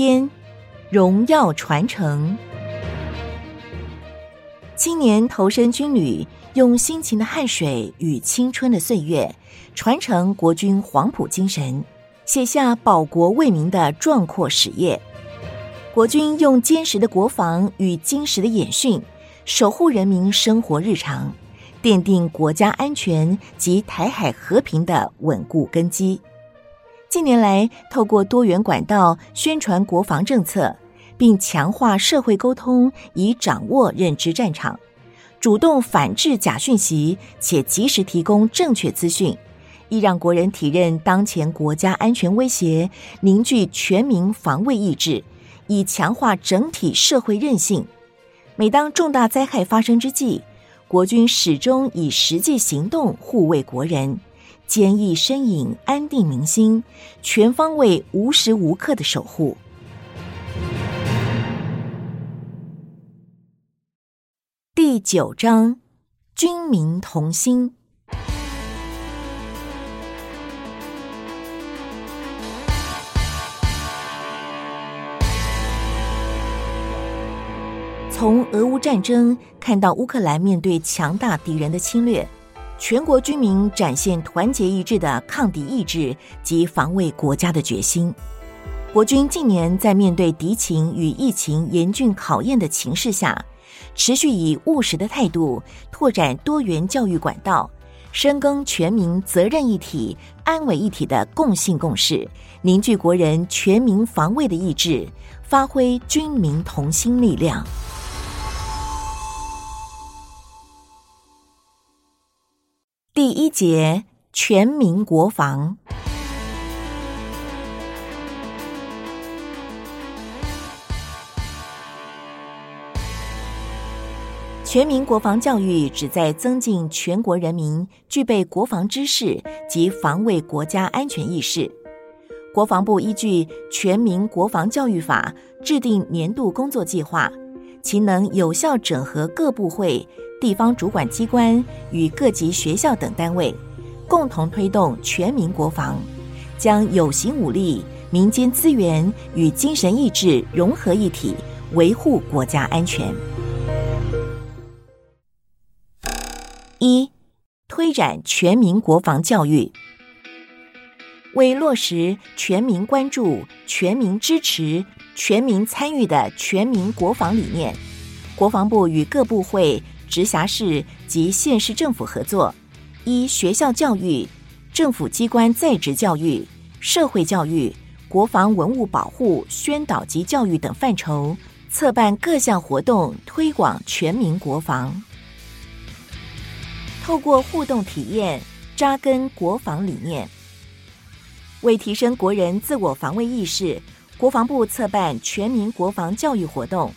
篇，榮耀傳承。青年投身軍旅，用辛勤的汗水與青春的歲月，傳承國軍黃埔精神，寫下保國衛民的壯闊史頁。國軍用堅實的國防與精實的演訓，守護人民生活日常，奠定國家安全及臺海和平的穩固根基。近年來，透過多元管道宣傳國防政策，並強化社會溝通，以掌握認知戰場，主動反制假訊息，且即時提供正確資訊，亦讓國人體認當前國家安全威脅，凝聚全民防衛意志，以強化整體社會韌性。每當重大災害發生之際，國軍始終以實際行動護衛國人。堅毅身影，安定民心，全方位、無時無刻的守護。第九章，軍民同心。從俄烏戰爭看到烏克蘭面對強大敵人的侵略。全國軍民展現團結一致的抗敵意志及防衛國家的決心。國軍近年在面對敵情與疫情嚴峻考驗的情勢下，持續以務實的態度拓展多元教育管道，深耕全民責任一體、安危一體的共信共識，凝聚國人全民防衛的意志，發揮軍民同心力量。第一節全民國防。全民國防教育旨在增進全國人民具備國防知識及防衛國家安全意識。國防部依據《全民國防教育法》制定年度工作計劃，其能有效整合各部會。地方主管機關與各級學校等單位，共同推動全民國防，將有形武力、民間資源與精神意志融合一體，維護國家安全。一、推展全民國防教育，為落實全民關注、全民支持、全民參與的全民國防理念，國防部與各部會。直轄市及縣市政府合作，依學校教育、政府機關在職教育、社會教育、國防文物保護宣導及教育等範疇，策辦各項活動，推廣全民國防。透過互動體驗，扎根國防理念，為提升國人自我防衛意識，國防部策辦全民國防教育活動。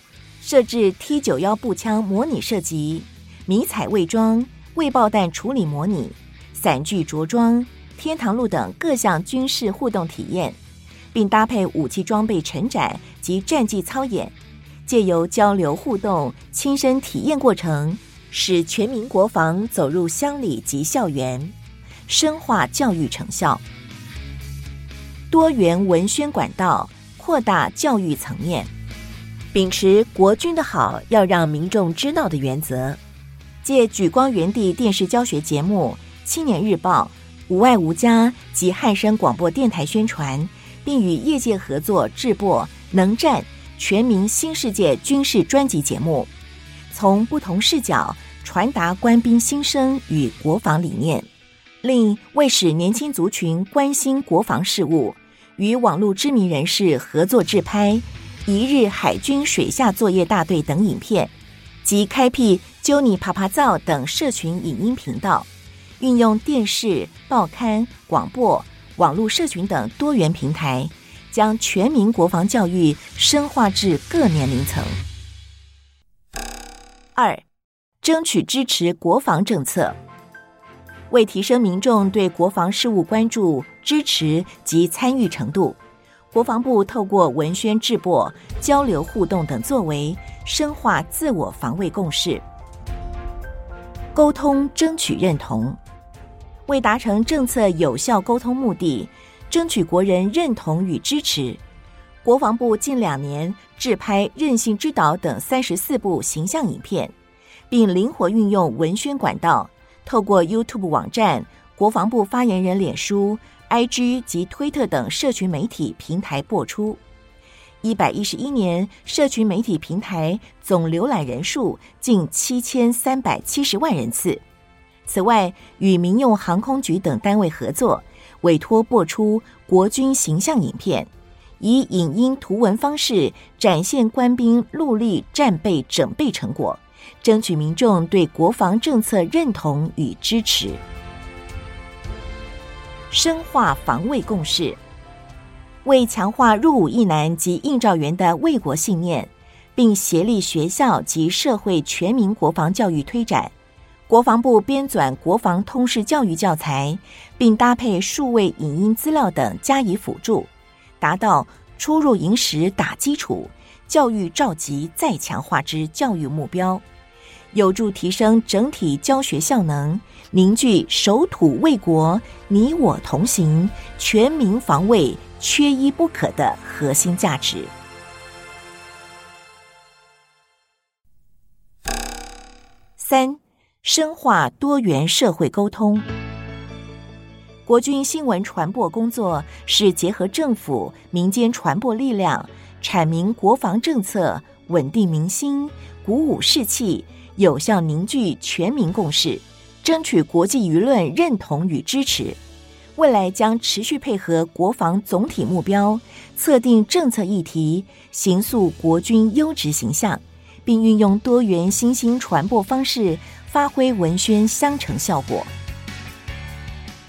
設置 T 九幺步槍模擬射擊、迷彩偽裝、未爆彈處理模擬、傘具着裝、天堂路等各項軍事互動體驗，並搭配武器裝備陳展及戰技操演，借由交流互動、親身體驗過程，使全民國防走入鄉里及校園，深化教育成效。多元文宣管道，擴大教育層面。秉持“國軍的好要讓民眾知道”的原則，藉莒光園地電視教學節目、青年日報、吾愛吾家及漢聲廣播電台宣傳，並與業界合作制播《能戰全民新世界軍事專輯》節目，從不同視角傳達官兵心聲與國防理念。另為使年輕族群關心國防事務，與網絡知名人士合作制拍。一日海軍水下作業大隊等影片，及開闢「揪你啪啪造」等社群影音頻道，運用電視、報刊、廣播、網絡社群等多元平台，將全民國防教育深化至各年齡層。二，爭取支持國防政策，為提升民眾對國防事務關注、支持及參與程度。國防部透過文宣制播、交流互動等作為，深化自我防衛共識，溝通爭取認同。為達成政策有效溝通目的，爭取國人認同與支持，國防部近兩年制拍《韌性之島》等三十四部形象影片，並靈活運用文宣管道，透過 YouTube 網站、國防部發言人臉書。IG 及推特等社群媒體平台播出，一百一十一年社群媒體平台總瀏覽人數近七千三百七十萬人次。此外，與民用航空局等單位合作，委托播出國軍形象影片，以影音圖文方式展現官兵戮力戰備整備成果，爭取民眾對國防政策認同與支持。深化防衛共識，為強化入伍役男及應召員的衛國信念，並協力學校及社會全民國防教育推展，國防部編纂國防通識教育教材，並搭配數位影音資料等加以輔助，達到初入營時打基礎、教育召集再強化之教育目標。有助提升整體教學效能，凝聚守土衛國、你我同行、全民防衛缺一不可的核心價值。三、深化多元社會溝通。國軍新聞傳播工作是結合政府、民間傳播力量，闡明國防政策，穩定民心，鼓舞士氣。有效凝聚全民共識，爭取國際輿論認同與支持。未來將持續配合國防總體目標，測定政策議題，形塑國軍優質形象，並運用多元新興傳播方式，發揮文宣相乘效果，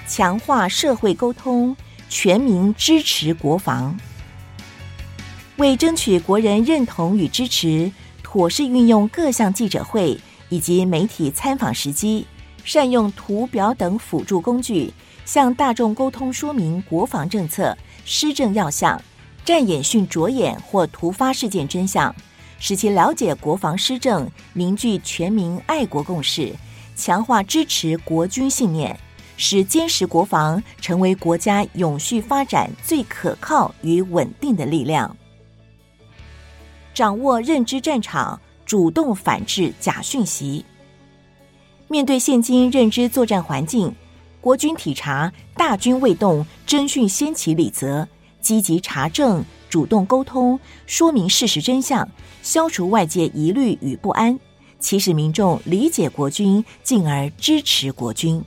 強化社會溝通，全民支持國防。為爭取國人認同與支持。我市運用各項記者會以及媒體參訪時機，善用圖表等輔助工具，向大眾溝通說明國防政策、施政要項、戰演訓着眼或突發事件真相，使其了解國防施政，凝聚全民愛國共識，強化支持國軍信念，使堅實國防成為國家永續發展最可靠與穩定的力量。掌握認知戰場，主動反制假訊息。面對現今認知作戰環境，國軍體察大軍未動，徵訊先起理則，積極查證，主動溝通，說明事實真相，消除外界疑慮與不安，促使民眾理解國軍，進而支持國軍，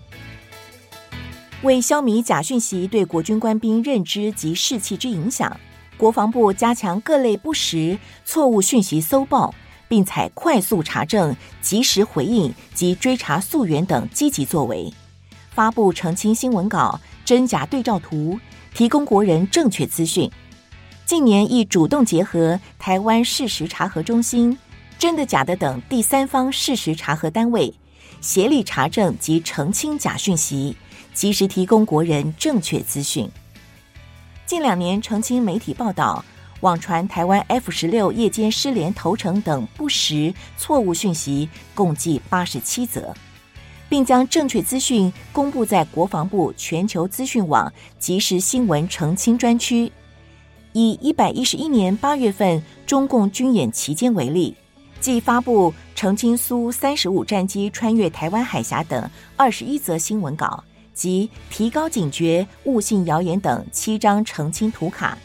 為消弭假訊息對國軍官兵認知及士氣之影響。國防部加強各類不實、錯誤訊息搜報，並採快速查證、及時回應及追查溯源等積極作為，發布澄清新聞稿、真假對照圖，提供國人正確資訊。近年亦主動結合台灣事實查核中心、真的假的等第三方事實查核單位，協力查證及澄清假訊息，及時提供國人正確資訊。近兩年澄清媒體報道、網傳臺灣 F 十六夜間失聯、投誠等不實錯誤訊息共計八十七則，並將正確資訊公布在國防部全球資訊網即時新聞澄清專區。以一百一十一年八月份中共軍演期間為例，即發布澄清蘇三十五戰機穿越臺灣海峽等二十一則新聞稿。及提高警覺、勿信謠言等七張澄清圖卡，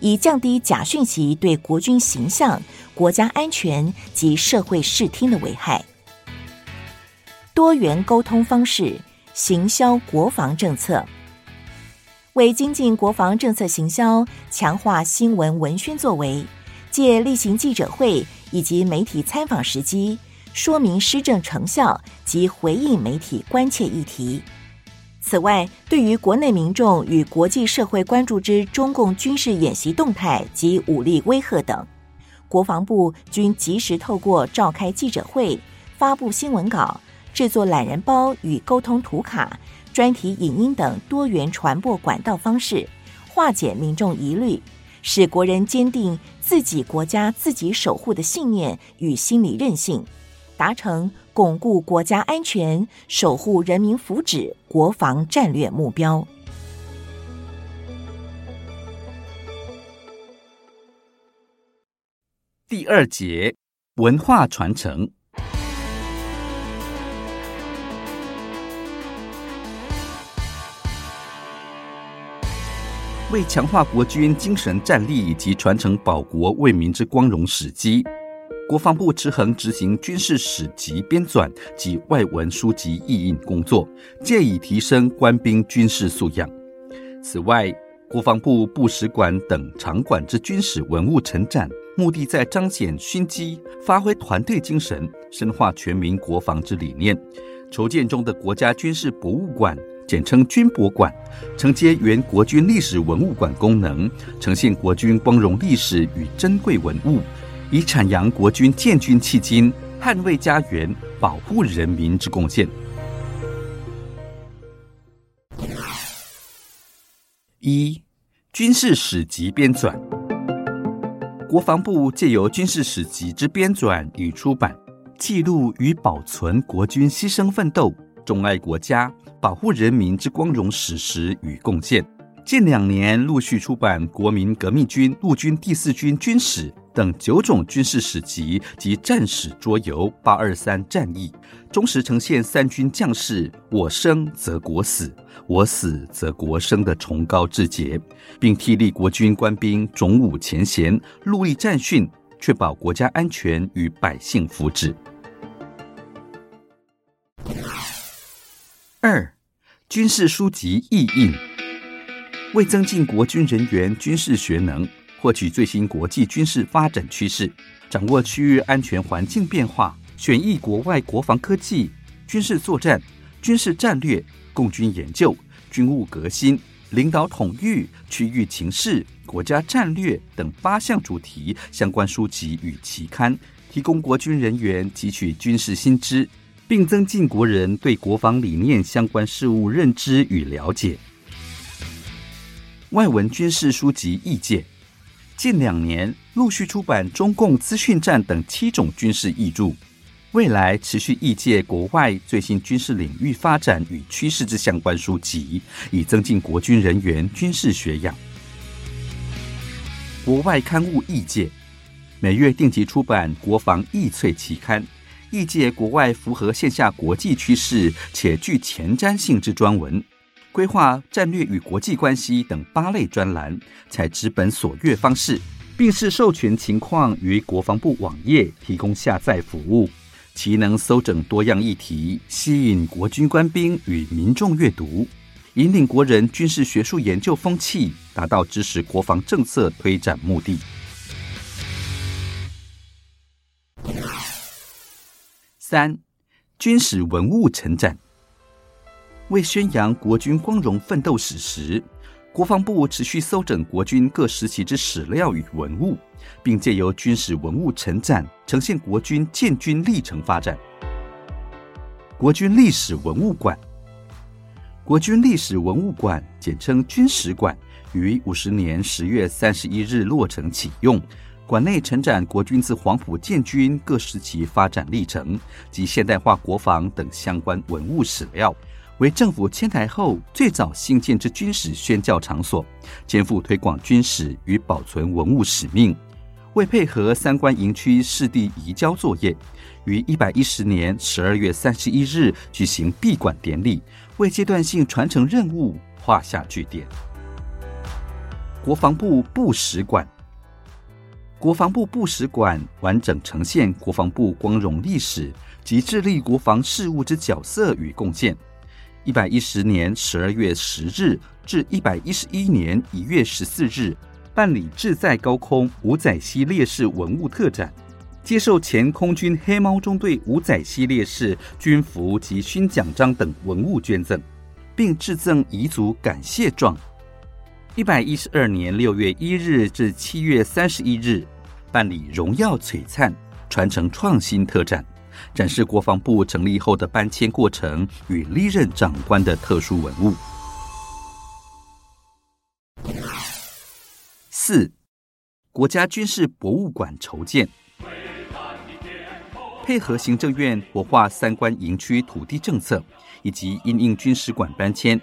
以降低假訊息對國軍形象、國家安全及社會視聽的危害。多元溝通方式，行銷國防政策。為精進國防政策行銷，強化新聞文宣作為，借例行記者會以及媒體參訪時機，說明施政成效及回應媒體關切議題。此外，對於國內民眾與國際社會關注之中共軍事演習動態及武力威嚇等，國防部均及時透過召開記者會、發布新聞稿、製作懶人包與溝通圖卡、專題影音等多元傳播管道方式，化解民眾疑慮，使國人堅定自己國家自己守護的信念與心理韌性。達成鞏固國家安全、守護人民福祉，國防戰略目標。第二節，文化傳承，為強化國軍精神戰力以及傳承保國為民之光榮史蹟。國防部持恆執行軍事史籍編纂及外文書籍譯印工作，借以提升官兵軍事素養。此外，國防部部史館等場館之軍事文物陳展，目的在彰顯勳績，發揮團隊精神，深化全民國防之理念。籌建中的國家軍事博物館（簡稱軍博館），承接原國軍歷史文物館功能，呈現國軍光榮歷史與珍貴文物。以闡揚國軍建軍迄今捍衛家園、保護人民之貢獻。一軍事史籍編纂，國防部借由軍事史籍之編纂與出版，記錄與保存國軍犧牲奮鬥、鍾愛國家、保護人民之光榮史實與貢獻。近兩年陸續出版《國民革命軍陸軍第四軍軍史》。等九種軍事史籍及戰史桌遊《八二三戰役》，忠實呈現三軍將士“我生則國死，我死則國生”的崇高志節，並替立國軍官兵重武前賢，戮力戰訓，確保國家安全與百姓福祉。二、軍事書籍譯印，為增進國軍人員軍事學能。獲取最新國際軍事發展趨勢，掌握區域安全環境變化，選譯國外國防科技、軍事作戰、軍事戰略、共軍研究、軍務革新、領導統御、區域情勢、國家戰略等八項主題相關書籍與期刊，提供國軍人員汲取軍事新知，並增進國人對國防理念相關事務認知與了解。外文軍事書籍譯介。近兩年陸續出版《中共資訊戰》等七種軍事譯著，未來持續譯介國外最新軍事領域發展與趨勢之相關書籍，以增進國軍人員軍事學養。國外刊物譯介，每月定期出版《國防譯萃》期刊，譯介國外符合線下國際趨勢且具前瞻性之專文。規劃戰略與國際關係等八類專欄，採紙本索閱方式，並視授權情況於國防部網頁提供下載服務，其能搜整多樣議題，吸引國軍官兵與民眾閱讀，引領國人軍事學術研究風氣，達到支持國防政策推展目的。三，軍史文物陳展。為宣揚國軍光榮奮鬥史實，國防部持續搜整國軍各時期之史料與文物，並借由軍史文物陳展呈現國軍建軍歷程發展。國軍歷史文物館，國軍歷史文物館簡稱軍史館，於五十年十月三十一日落成啟用。館內陳展國軍自黃埔建軍各時期發展歷程及現代化國防等相關文物史料。為政府遷台後最早興建之軍事宣教場所，肩負推廣軍史與保存文物使命。為配合三關營區實地移交作業，於一百一十年十二月三十一日舉行閉館典禮，為階段性傳承任務畫下句點。國防部部史館，國防部部史館完整呈現國防部光榮歷史及致力國防事務之角色與貢獻。一百一十年十二月十日至一百一十一年一月十四日，辦理“志在高空，吳載熙烈士文物特展”，接受前空軍黑貓中隊吳載熙烈士軍服及勳獎章等文物捐贈，並致贈遺族感謝狀。一百一十二年六月一日至七月三十一日，辦理“榮耀璀璨，傳承創新特展”。展示國防部成立後的搬遷過程與歷任長官的特殊文物。四，國家軍事博物館籌建，配合行政院活化三關營區土地政策，以及因應軍史館搬遷，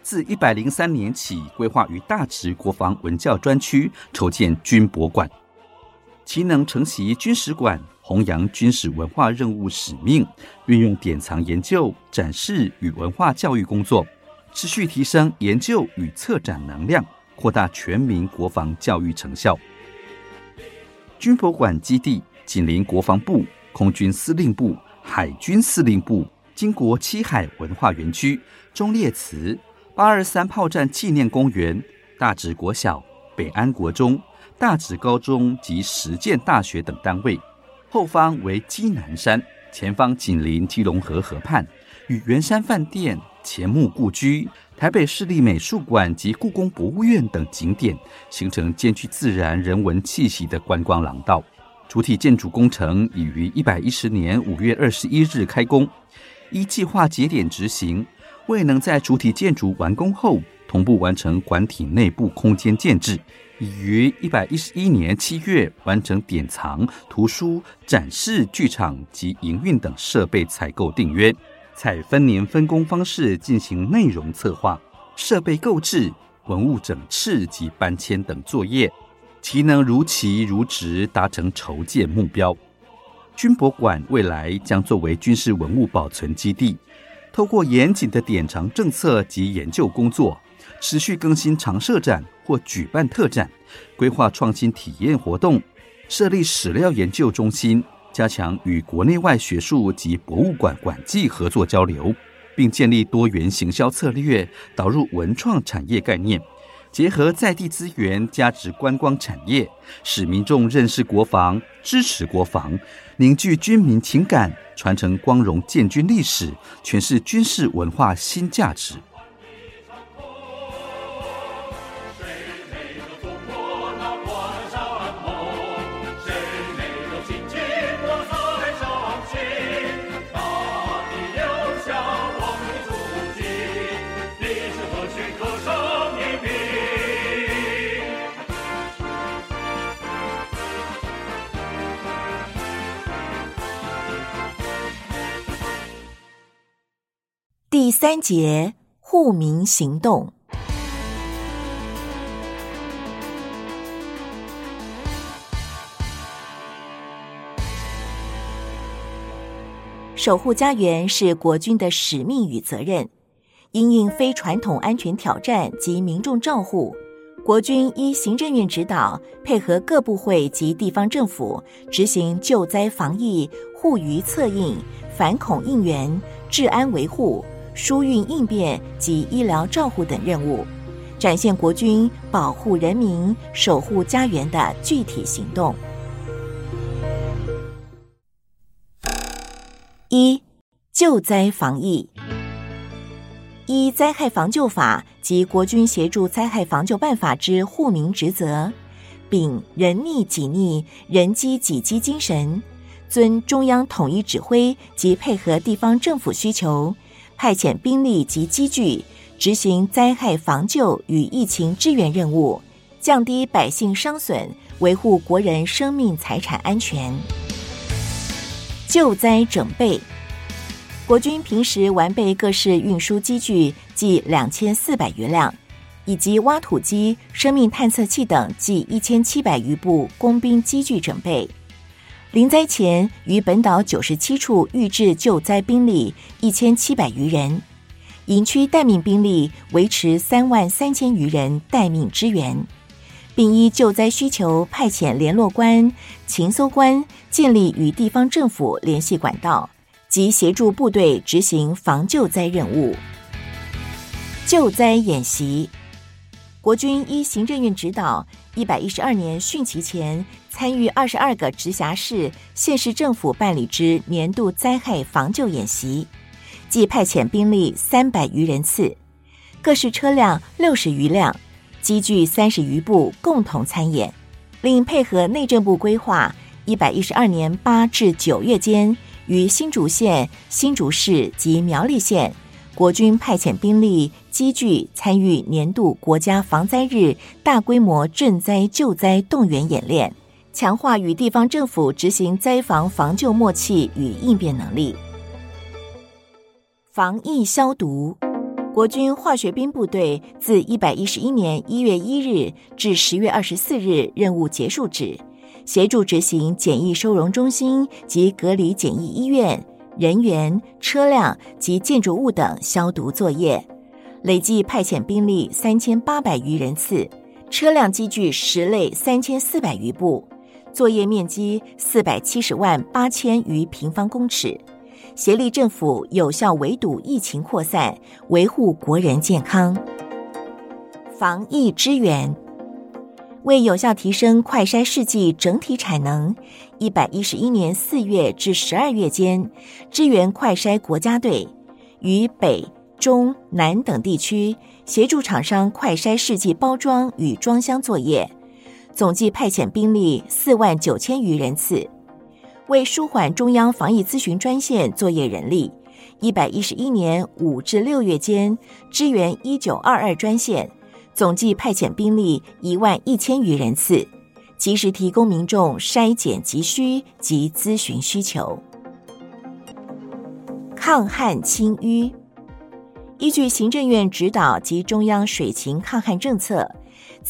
自一百零三年起規劃於大直國防文教專區籌建軍博館，其能承襲軍史館。弘揚軍事文化任務使命，運用典藏研究、展示與文化教育工作，持續提升研究與策展能量，擴大全民國防教育成效。軍博館基地緊鄰國防部、空軍司令部、海軍司令部、經國七海文化園區、忠烈祠、八二三炮戰紀念公園、大直國小、北安國中、大直高中及實踐大學等單位。後方為基南山，前方緊鄰基隆河河畔，與圓山飯店、錢穆故居、台北市立美術館及故宮博物院等景點，形成兼具自然人文氣息的觀光廊道。主體建築工程已於一百一十年五月二十一日開工，依計劃節點執行，未能在主體建築完工後同步完成館體內部空間建置。已於一百一十一年七月完成典藏、圖書、展示、劇場及營運等設備採購訂約，採分年分工方式進行內容策劃、設備購置、文物整飭及搬遷等作業，期能如期如質達成籌建目標。軍博館未來將作為軍事文物保存基地，透過嚴謹的典藏政策及研究工作，持續更新常設展，或舉辦特展，規劃創新體驗活動，設立史料研究中心，加強與國內外學術及博物館館際合作交流，並建立多元行銷策略，導入文創產業概念，結合在地資源，加值觀光產業，使民眾認識國防、支持國防，凝聚軍民情感，傳承光榮建軍歷史，詮釋軍事文化新價值。三節護民行動”，守護家園是國軍的使命與責任。因應非傳統安全挑戰及民眾照護，國軍依行政院指導，配合各部會及地方政府，執行救災、防疫、護漁、策應、反恐應援、治安維護。疏運應變及醫療照護等任務，展現國軍保護人民、守護家園的具體行動。一、救災防疫。依災害防救法及國軍協助災害防救辦法之護民職責，秉人溺己溺、人飢己飢精神，遵中央統一指揮及配合地方政府需求。派遣兵力及機具執行災害防救與疫情支援任務，降低百姓傷損，維護國人生命財產安全。救災整備，國軍平時完備各式運輸機具，計兩千四百餘輛，以及挖土機、生命探測器等，計一千七百餘部工兵機具整備。臨災前，於本島九十七處預置救災兵力一千七百餘人，營區待命兵力維持三萬三千餘人待命支援，並依救災需求派遣聯絡官、勤搜官，建立與地方政府聯繫管道及協助部隊執行防救災任務。救災演習，國軍依行政院指導，一百一十二年汛期前。參與二十二個直轄市、縣市政府辦理之年度災害防救演習，即派遣兵力三百餘人次，各式車輛六十餘輛，機具三十餘部共同參演。另配合內政部規劃，一百一十二年八至九月間，於新竹縣、新竹市及苗栗縣，國軍派遣兵力、機具參與年度國家防災日大規模震災救災動員演練。強化與地方政府執行災防防救默契與應變能力。防疫消毒，國軍化學兵部隊自一百一十一年一月一日至十月二十四日任務結束止，協助執行檢疫收容中心及隔離檢疫醫院人員、車輛及建築物等消毒作業，累計派遣兵力三千八百餘人次，車輛機具十類三千四百餘部。作業面積四百七十萬八千餘平方公尺，協力政府有效圍堵疫情擴散，維護國人健康。防疫支援，為有效提升快篩試劑整體產能，一百一十一年四月至十二月間，支援快篩國家隊於北、中、南等地區協助廠商快篩試劑包裝與裝箱作業。總計派遣兵力四萬九千餘人次，為舒緩中央防疫諮詢專線作業人力，一百一十一年五至六月間支援一九二二專線，總計派遣兵力一萬一千餘人次，及時提供民眾篩檢急需及諮詢需求。抗旱清淤，依據行政院指導及中央水情抗旱政策。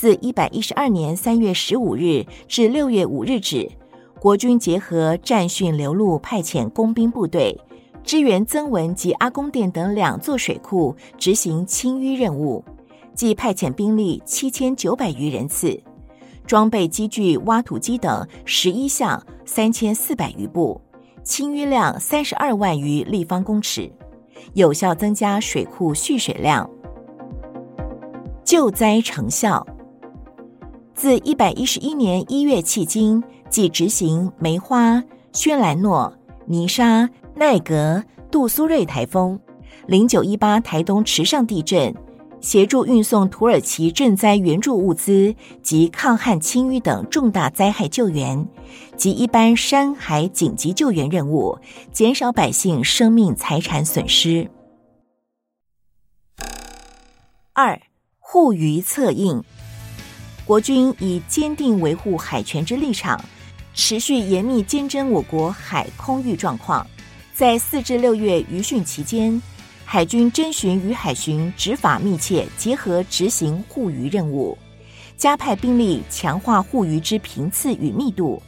自一百一十二年三月十五日至六月五日止，國軍結合戰訓流入派遣工兵部隊支援曾文及阿公店等兩座水庫執行清淤任務，即派遣兵力七千九百餘人次，裝備機具、挖土機等十一項三千四百餘部，清淤量三十二萬餘立方公尺，有效增加水庫蓄水量。救災成效。自一百一十一年一月迄今，即執行梅花、軒嵐諾、尼莎、奈格、杜蘇芮颱風、零九一八臺東池上地震，協助運送土耳其賑災援助物資及抗旱清淤等重大災害救援及一般山海緊急救援任務，減少百姓生命財產損失。二、護漁策應。國軍以堅定維護海權之立場，持續嚴密監偵我國海空域狀況。在四至六月漁汛期間，海軍偵巡與海巡執法密切結合執行護漁任務，加派兵力強化護漁之頻次與密度，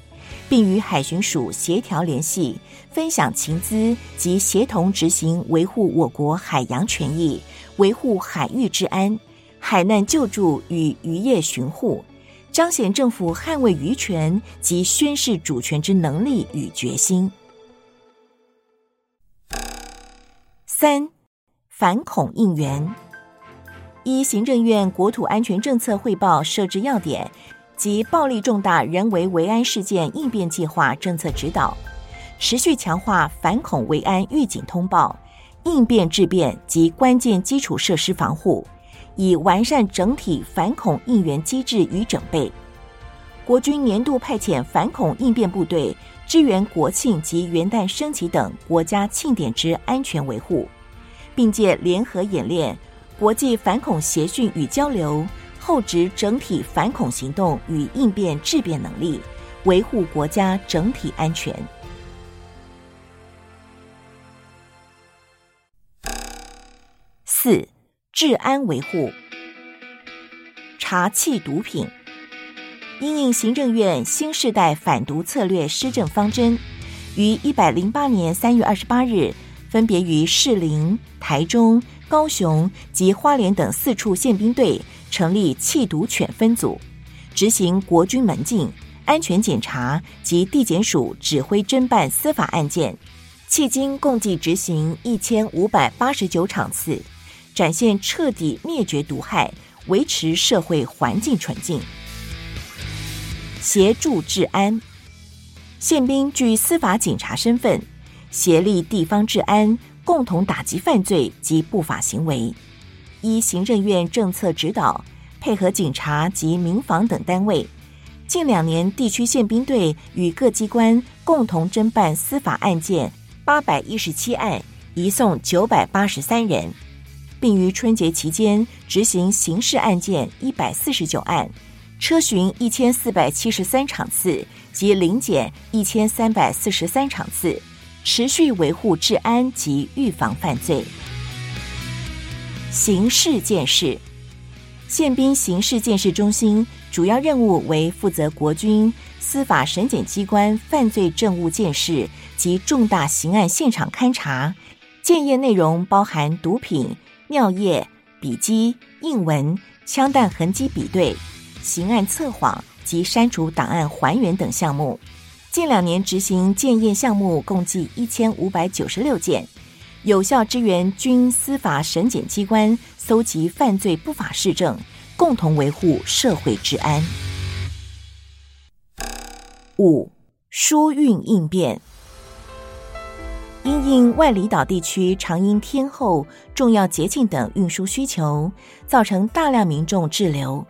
並與海巡署協調聯繫，分享情資及協同執行維護我國海洋權益、維護海域治安。海難救助與漁業巡護，彰顯政府捍衛漁權及宣示主權之能力與決心。三，反恐應援。一，行政院國土安全政策匯報設置要點及暴力重大人為危安事件應變計劃政策指導，持續強化反恐危安預警通報、應變質變及關鍵基礎設施防護。以完善整體反恐應援機制與整備，國軍年度派遣反恐應變部隊支援國慶及元旦升旗等國家慶典之安全維護，並借聯合演練、國際反恐協訓與交流，厚植整體反恐行動與應變質變能力，維護國家整體安全。四。治安維護、查緝毒品，因應行政院新世代反毒策略施政方針，於一百零八年三月二十八日，分別於士林、台中、高雄及花蓮等四處憲兵隊成立緝毒犬分組，執行國軍門禁安全檢查及地檢署指揮偵辦司法案件，迄今共計執行一千五百八十九場次。展現徹底滅絕毒害，維持社會環境純淨，協助治安。憲兵具司法警察身份，協力地方治安，共同打擊犯罪及不法行為。依行政院政策指導，配合警察及民防等單位。近兩年，地區憲兵隊與各機關共同偵辦司法案件八百一十七案，移送九百八十三人。並於春節期間執行刑事案件一百四十九案，車巡一千四百七十三場次及臨檢一千三百四十三場次，持續維護治安及預防犯罪。刑事鑑識，憲兵刑事鑑識中心主要任務為負責國軍司法審檢機關犯罪證物鑑識及重大刑案現場勘查，鑑驗內容包含毒品。尿液、筆跡、印文、槍彈痕跡比對、刑案測謊及刪除檔案還原等項目，近兩年執行鑑驗項目共計一千五百九十六件，有效支援軍司法審檢機關搜集犯罪不法事證，共同維護社會治安。五、疏運應變。因應外離島地區常因天候、重要節慶等運輸需求，造成大量民眾滯留，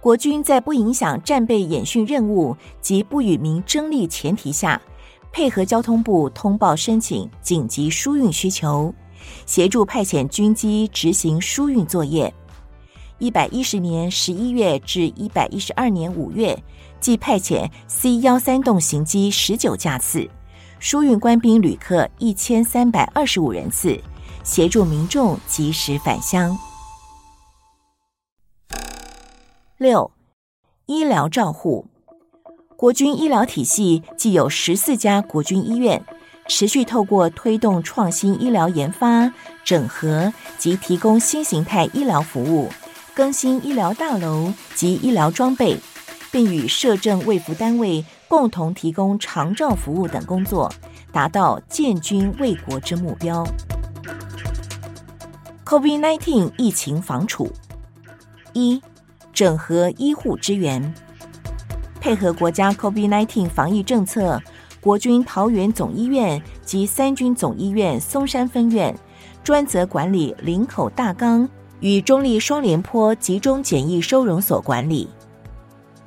國軍在不影響戰備演訓任務及不與民爭利前提下，配合交通部通報申請緊急疏運需求，協助派遣軍機執行疏運作業。一百一十年十一月至一百一十二年五月，即派遣 C 幺三洞型機十九架次。疏運官兵旅客一千三百二十五人次，協助民眾及時返鄉。六、醫療照護。國軍醫療體系既有十四家國軍醫院，持續透過推動創新醫療研發、整合及提供新形態醫療服務，更新醫療大樓及醫療裝備。並與社政衛福單位共同提供長照服務等工作，達到建軍衛國之目標。COVID-19 疫情防處：一、整合醫護資源，配合國家 COVID-19 防疫政策，國軍桃園總醫院及三軍總醫院松山分院專責管理林口大崗，與中立雙連坡集中檢疫收容所管理。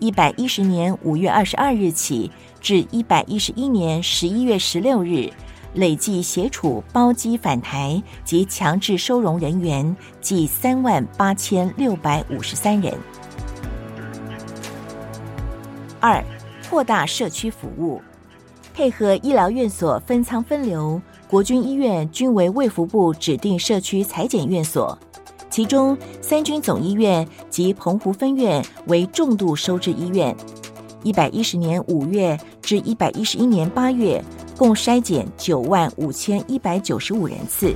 一百一十年五月二十二日起至一百一十一年十一月十六日，累計協處包機返台及強制收容人員計三萬八千六百五十三人。二、擴大社區服務，配合醫療院所分艙分流，國軍醫院均為衛福部指定社區採檢院所。其中，三軍總醫院及澎湖分院為重度收治醫院。一百一十年五月至一百一十一年八月，共篩檢九萬五千一百九十五人次，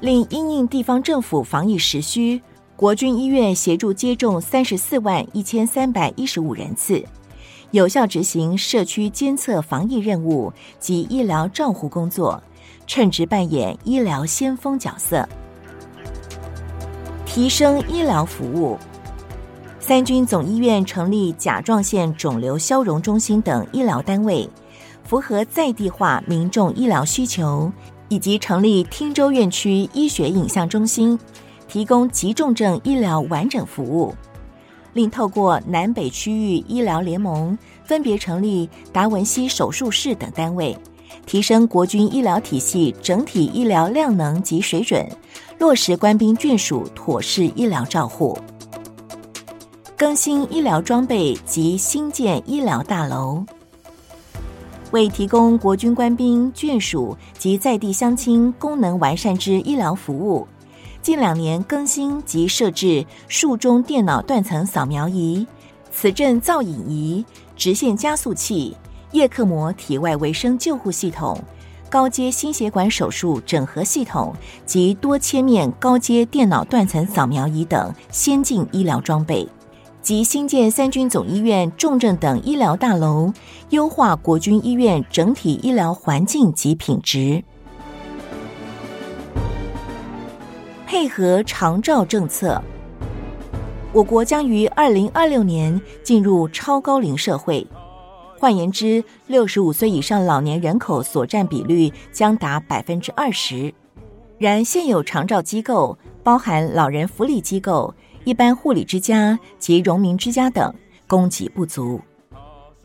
另因應地方政府防疫時需，國軍醫院協助接種三十四萬一千三百一十五人次，有效執行社區監測防疫任務及醫療照護工作，稱職扮演醫療先鋒角色。提升醫療服務，三軍總醫院成立甲狀腺腫瘤消融中心等醫療單位，符合在地化民眾醫療需求；以及成立汀州院區醫學影像中心，提供急重症醫療完整服務。另透過南北區域醫療聯盟，分別成立達文西手術室等單位，提升國軍醫療體系整體醫療量能及水準。落實官兵眷屬妥適醫療照護，更新醫療裝備及新建醫療大樓，為提供國軍官兵眷屬及在地鄉親功能完善之醫療服務，近兩年更新及設置術中電腦斷層掃描儀、磁振造影儀、直線加速器、葉克膜體外維生救護系統。高階心血管手術整合系統及多切面高階電腦斷層掃描儀等先進醫療裝備，及新建三軍總醫院重症等醫療大樓，優化國軍醫院整體醫療環境及品質。配合長照政策，我國將於二零二六年進入超高齡社會。換言之，六十五歲以上老年人口所占比率將達百分之二十，然現有長照機構，包含老人福利機構、一般護理之家及榮民之家等，供給不足。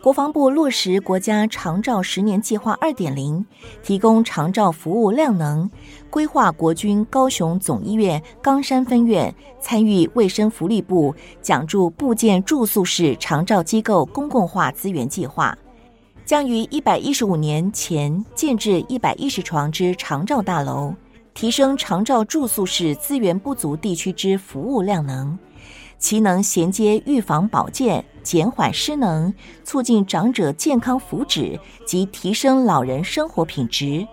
國防部落實國家長照十年計劃二點零，提供長照服務量能，規劃國軍高雄總醫院岡山分院參與衛生福利部，獎助布建住宿式長照機構公共化資源計劃，將於一百一十五年前建置一百一十床之長照大樓，提升長照住宿式資源不足地區之服務量能。其能銜接預防保健、減緩失能、促進長者健康福祉及提升老人生活品質，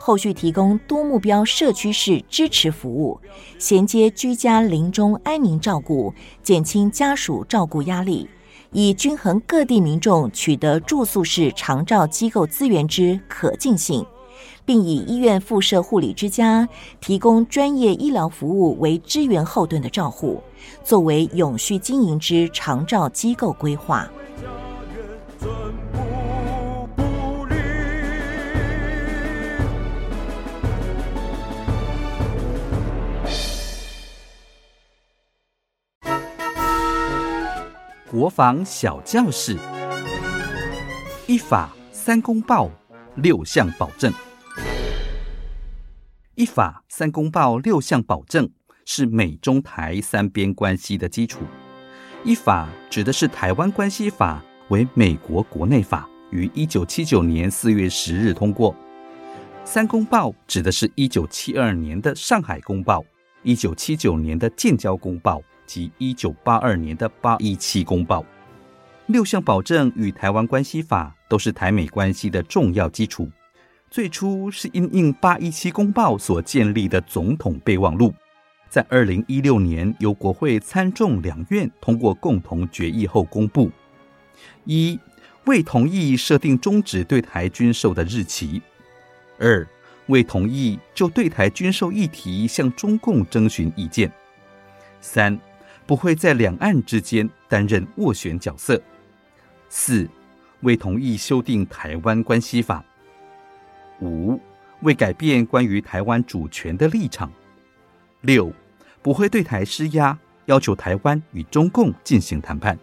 後續提供多目標社區式支持服務，銜接居家臨終安寧照顧，減輕家屬照顧壓力，以均衡各地民眾取得住宿式長照機構資源之可及性。並以醫院附設護理之家提供專業醫療服務為支援後盾的照護，作為永續經營之長照機構規劃。國防小教室，一法三公報，六項保證。一法三公報六項保證是美中台三邊關係的基礎。一法指的是《台灣關係法》，為美國國內法，於一九七九年四月十日通過。三公報指的是：一九七二年的《上海公報》、一九七九年的《建交公報》及一九八二年的《八一七公報》。六項保證與《台灣關係法》都是台美關係的重要基礎。最初是因應八一七公報所建立的總統備忘錄，在二零一六年由國會參眾兩院通過共同決議後公布。一、未同意設定終止對台軍售的日期；二、未同意就對台軍售議題向中共徵詢意見；三、不會在兩岸之間擔任斡旋角色；四、未同意修訂台灣關係法。五、未改變關於台灣主權的立場。六、不會對台施壓，要求台灣與中共進行談判。